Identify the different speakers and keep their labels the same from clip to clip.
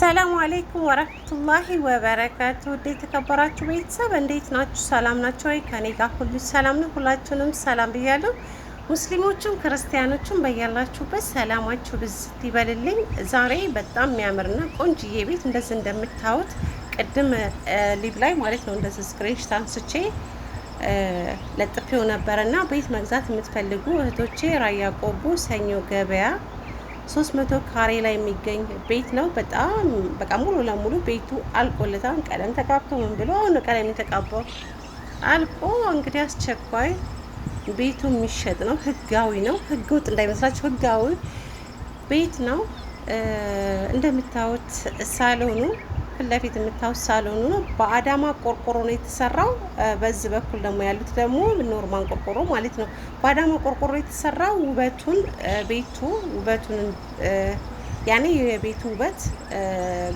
Speaker 1: ሰላም አሌይኩም ወረህመቱላሂ ወበረካቱ። ውድ የተከበራችሁ ቤተሰብ እንዴት ናችሁ? ሰላም ናቸው ወይ? ከኔ ጋር ሁሉ ሰላም ነው። ሁላችሁንም ሰላም ብያለሁ። ሙስሊሞችም ክርስቲያኖችም በያላችሁበት ሰላማችሁ ብዝት ይበልልኝ። ዛሬ በጣም የሚያምርና ቆንጅዬ ቤት እንደዚህ እንደምታዩት ቅድም ሊብ ላይ ማለት ነው እንደዚህ ስክሪንሾት አንስቼ ለጥፌው ነበርና ቤት መግዛት የምትፈልጉ እህቶቼ ራያ ቆቦ ሰኞ ገበያ ሶስት መቶ ካሬ ላይ የሚገኝ ቤት ነው። በጣም በቃ ሙሉ ለሙሉ ቤቱ አልቆለታን ቀለም ተቃብቶ ምን ብሎ አሁን ቀለም የተቃባው አልቆ እንግዲህ አስቸኳይ ቤቱ የሚሸጥ ነው። ህጋዊ ነው። ህገ ወጥ እንዳይመስላችሁ ህጋዊ ቤት ነው። እንደምታዩት ሳሎኑ ፊት ለፊት የምታዩት ሳሎኑ ነው። በአዳማ ቆርቆሮ ነው የተሰራው። በዚህ በኩል ደግሞ ያሉት ደግሞ ኖርማን ቆርቆሮ ማለት ነው። በአዳማ ቆርቆሮ የተሰራው ውበቱን ቤቱ ውበቱን ያኔ የቤቱ ውበት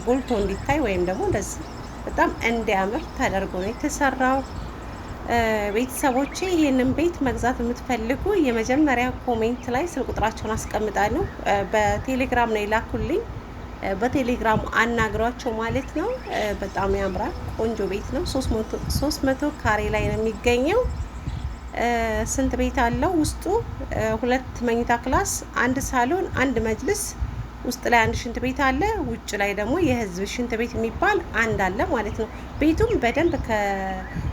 Speaker 1: ጎልቶ እንዲታይ ወይም ደግሞ እንደዚህ በጣም እንዲያምር ተደርጎ ነው የተሰራው። ቤተሰቦቼ ይህንን ቤት መግዛት የምትፈልጉ የመጀመሪያ ኮሜንት ላይ ስልክ ቁጥራቸውን አስቀምጣለሁ። በቴሌግራም ነው የላኩልኝ። በቴሌግራም አናግሯቸው ማለት ነው። በጣም ያምራል። ቆንጆ ቤት ነው። ሶስት መቶ ካሬ ላይ ነው የሚገኘው። ስንት ቤት አለው? ውስጡ ሁለት መኝታ ክላስ፣ አንድ ሳሎን፣ አንድ መጅልስ፣ ውስጥ ላይ አንድ ሽንት ቤት አለ። ውጭ ላይ ደግሞ የህዝብ ሽንት ቤት የሚባል አንድ አለ ማለት ነው። ቤቱም በደንብ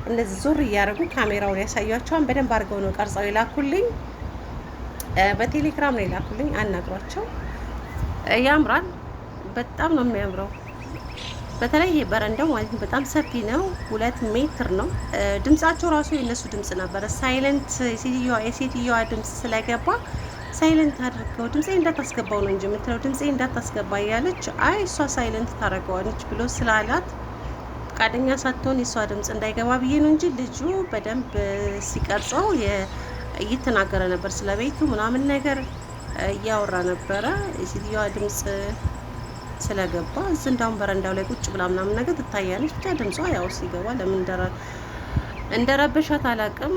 Speaker 1: እንደዚህ ዞር እያደረጉ ካሜራውን ያሳያቸዋን በደንብ አድርገው ነው ቀርጸው የላኩልኝ። በቴሌግራም ነው የላኩልኝ። አናግሯቸው። ያምራል በጣም ነው የሚያምረው። በተለይ በረንዳው ማለት በጣም ሰፊ ነው። ሁለት ሜትር ነው። ድምጻቸው ራሱ የነሱ ድምጽ ነበረ ሳይለንት የሴትዮዋ ድምጽ ስለገባ ሳይለንት አድርገው ድምፄ እንዳታስገባው ነው እንጂ የምትለው ድምፄ እንዳታስገባ እያለች አይ እሷ ሳይለንት ታደርገዋለች ብሎ ስላላት ፈቃደኛ ሳትሆን የእሷ ድምፅ እንዳይገባ ብዬ ነው እንጂ ልጁ በደንብ ሲቀርጸው እየተናገረ ነበር። ስለ ቤቱ ምናምን ነገር እያወራ ነበረ። የሴትዮዋ ድምጽ ስለገባ እዚህ እንዳሁን በረንዳው ላይ ቁጭ ብላ ምናምን ነገር ትታያለች። ብቻ ድምጿ ያው ሲገባ ለምን እንደረበሻት አላቅም።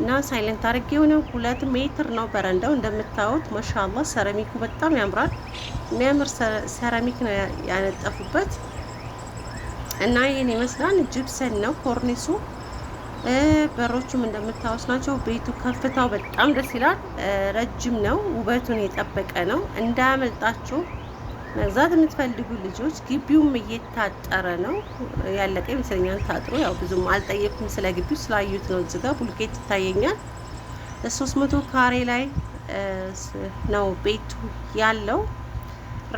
Speaker 1: እና ሳይለንት አድርጌ የሆነ ሁለት ሜትር ነው በረንዳው እንደምታዩት። ማሻአላ ሰራሚኩ በጣም ያምራል። የሚያምር ሰራሚክ ነው ያነጠፉበት እና ይህን ይመስላል። ጅብሰን ነው ኮርኒሱ። በሮቹም እንደምታዩት ናቸው። ቤቱ ከፍታው በጣም ደስ ይላል። ረጅም ነው። ውበቱን የጠበቀ ነው። እንዳያመልጣችሁ መግዛት የምትፈልጉ ልጆች ግቢውም እየታጠረ ነው። ያለቀ ይመስለኛል ታጥሮ። ያው ብዙም አልጠየቅኩም ስለ ግቢው ስላዩት ነው። እዚህ ጋር ቡልኬት ይታየኛል። ሶስት መቶ ካሬ ላይ ነው ቤቱ ያለው።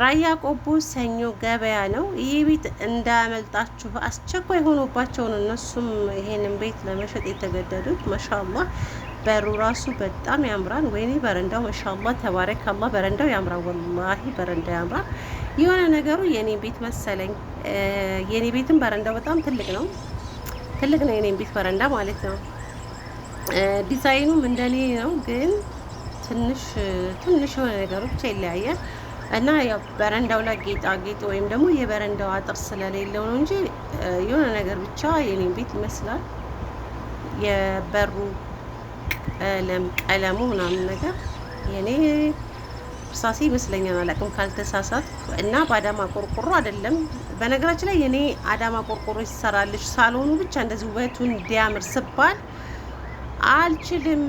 Speaker 1: ራያ ቆቦ ሰኞ ገበያ ነው። ይህ ቤት እንዳያመልጣችሁ። አስቸኳይ ሆኖባቸውን እነሱም ይሄንን ቤት ለመሸጥ የተገደዱት። ማሻአላህ በሩ ራሱ በጣም ያምራል። ወይኔ በረንዳው ማሻአላህ ተባረክ አላ በረንዳው ያምራል፣ ወላሂ በረንዳው ያምራል። የሆነ ነገሩ የኔ ቤት መሰለኝ። የኔ ቤትም በረንዳው በጣም ትልቅ ነው፣ ትልቅ ነው የኔ ቤት በረንዳ ማለት ነው። ዲዛይኑም እንደኔ ነው፣ ግን ትንሽ ትንሽ የሆነ ብቻ ይለያያል። እና ያው በረንዳው ላይ ጌጣጌጥ ወይም ደግሞ የበረንዳው አጥር ስለሌለው ነው እንጂ የሆነ ነገር ብቻ የኔ ቤት ይመስላል የበሩ ቀለም ቀለሙ ምናምን ነገር የኔ እርሳሴ ይመስለኛል አላውቅም ካልተሳሳት እና በአዳማ ቆርቆሮ አይደለም። በነገራችን ላይ የኔ አዳማ ቆርቆሮ ይሰራልሽ ሳልሆኑ ብቻ እንደዚህ ውበቱ እንዲያምር ስባል አልችልም፣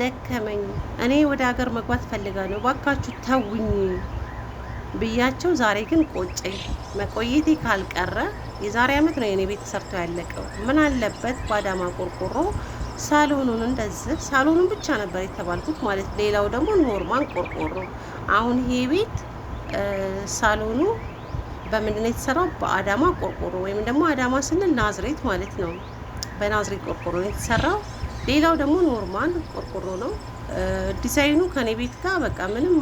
Speaker 1: ደከመኝ፣ እኔ ወደ ሀገር መግባት ፈልጋለሁ፣ ባካችሁ ተውኝ ብያቸው ዛሬ ግን ቆጨኝ። መቆየቴ ካልቀረ የዛሬ አመት ነው የኔ ቤት ተሰርቶ ያለቀው። ምን አለበት በአዳማ ቆርቆሮ ሳሎኑን እንደዚህ ሳሎኑን ብቻ ነበር የተባልኩት ማለት ሌላው ደግሞ ኖርማል ቆርቆሮ። አሁን ይሄ ቤት ሳሎኑ በምንድን ነው የተሰራው? በአዳማ ቆርቆሮ ወይም ደግሞ አዳማ ስንል ናዝሬት ማለት ነው። በናዝሬት ቆርቆሮ ነው የተሰራው። ሌላው ደግሞ ኖርማል ቆርቆሮ ነው። ዲዛይኑ ከኔ ቤት ጋር በቃ ምንም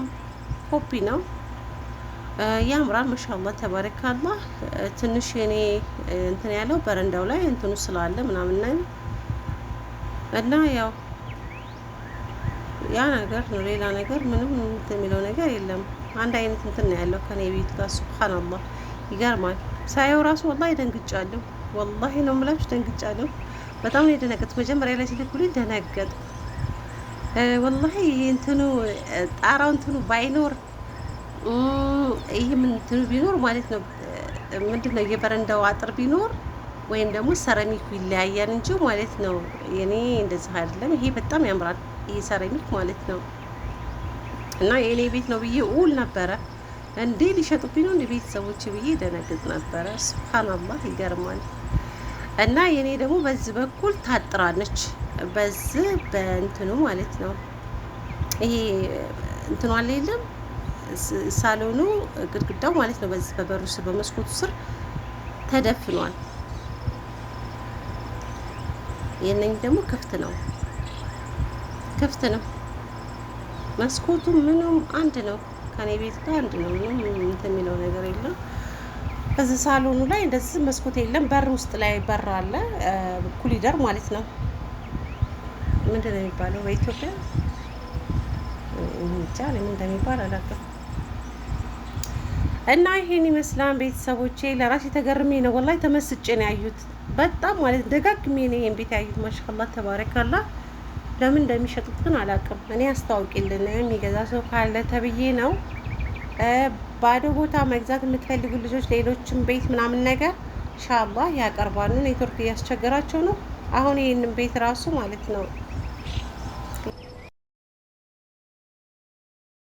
Speaker 1: ኮፒ ነው። ያምራል። መሻላ ተባረካላ። ትንሽ እኔ እንትን ያለው በረንዳው ላይ እንትኑ ስላለ ምናምን እና ያው ያ ነገር ነው። ሌላ ነገር ምንም እንትን የሚለው ነገር የለም። አንድ አይነት እንትን ነው ያለው ከኔ ቤት ጋር ሱብሃንአላህ፣ ይገርማል። ሳየው ራሱ ወላሂ ደንግጫለሁ። ወላሂ ነው የምላችሁ ደንግጫለሁ። በጣም ነው የደነገጥኩት። መጀመሪያ ላይ ሲልኩልኝ ደነገጥ። ወላሂ እንትኑ ጣራው እንትኑ ባይኖር ይህም እንትኑ ቢኖር ማለት ነው ምንድን ነው የበረንዳው አጥር ቢኖር ወይም ደግሞ ሰረሚኩ ይለያያል እንጂ ማለት ነው። የኔ እንደዚህ አይደለም። ይሄ በጣም ያምራል፣ ይሄ ሰረሚክ ማለት ነው። እና የእኔ ቤት ነው ብዬ ውል ነበረ እንዴ ሊሸጡብኝ ነው እንደ ቤተሰቦች ብዬ ደነግጥ ነበረ። ሱብሃንአላህ ይገርማል። እና የኔ ደግሞ በዚህ በኩል ታጥራለች፣ በዚህ በእንትኑ ማለት ነው። ይሄ እንትኑ አለ የለም ሳሎኑ ግድግዳው ማለት ነው። በዚህ በበሩ ስር በመስኮቱ ስር ተደፍኗል። የነኝ ደግሞ ክፍት ነው፣ ክፍት ነው። መስኮቱ ምንም አንድ ነው። ከኔ ቤት ጋር አንድ ነው። ምንም እንትን የሚለው ነገር የለም። በዚህ ሳሎኑ ላይ እንደዚህ መስኮት የለም። በር ውስጥ ላይ በር አለ፣ ኩሊደር ማለት ነው። ምንድን ነው የሚባለው በኢትዮጵያ? እንጃ ምን እንደሚባል አላውቅም። እና ይሄን ይመስላል ቤተሰቦቼ። ለራሴ ተገርሜ ነው ወላሂ ተመስጬ ነው ያዩት። በጣም ማለት ደጋግሜ ነው ይሄን ቤት ያዩት። ማሻአላህ ተባረካላ። ለምን እንደሚሸጡት ግን አላውቅም። እኔ አስተዋውቂልን የሚገዛ ሰው ካለ ተብዬ ነው። ባዶ ቦታ መግዛት የምትፈልጉ ልጆች፣ ሌሎችም ቤት ምናምን ነገር ኢንሻአላህ ያቀርባሉ። ኔትወርክ እያስቸገራቸው ነው አሁን ይሄንን ቤት ራሱ ማለት ነው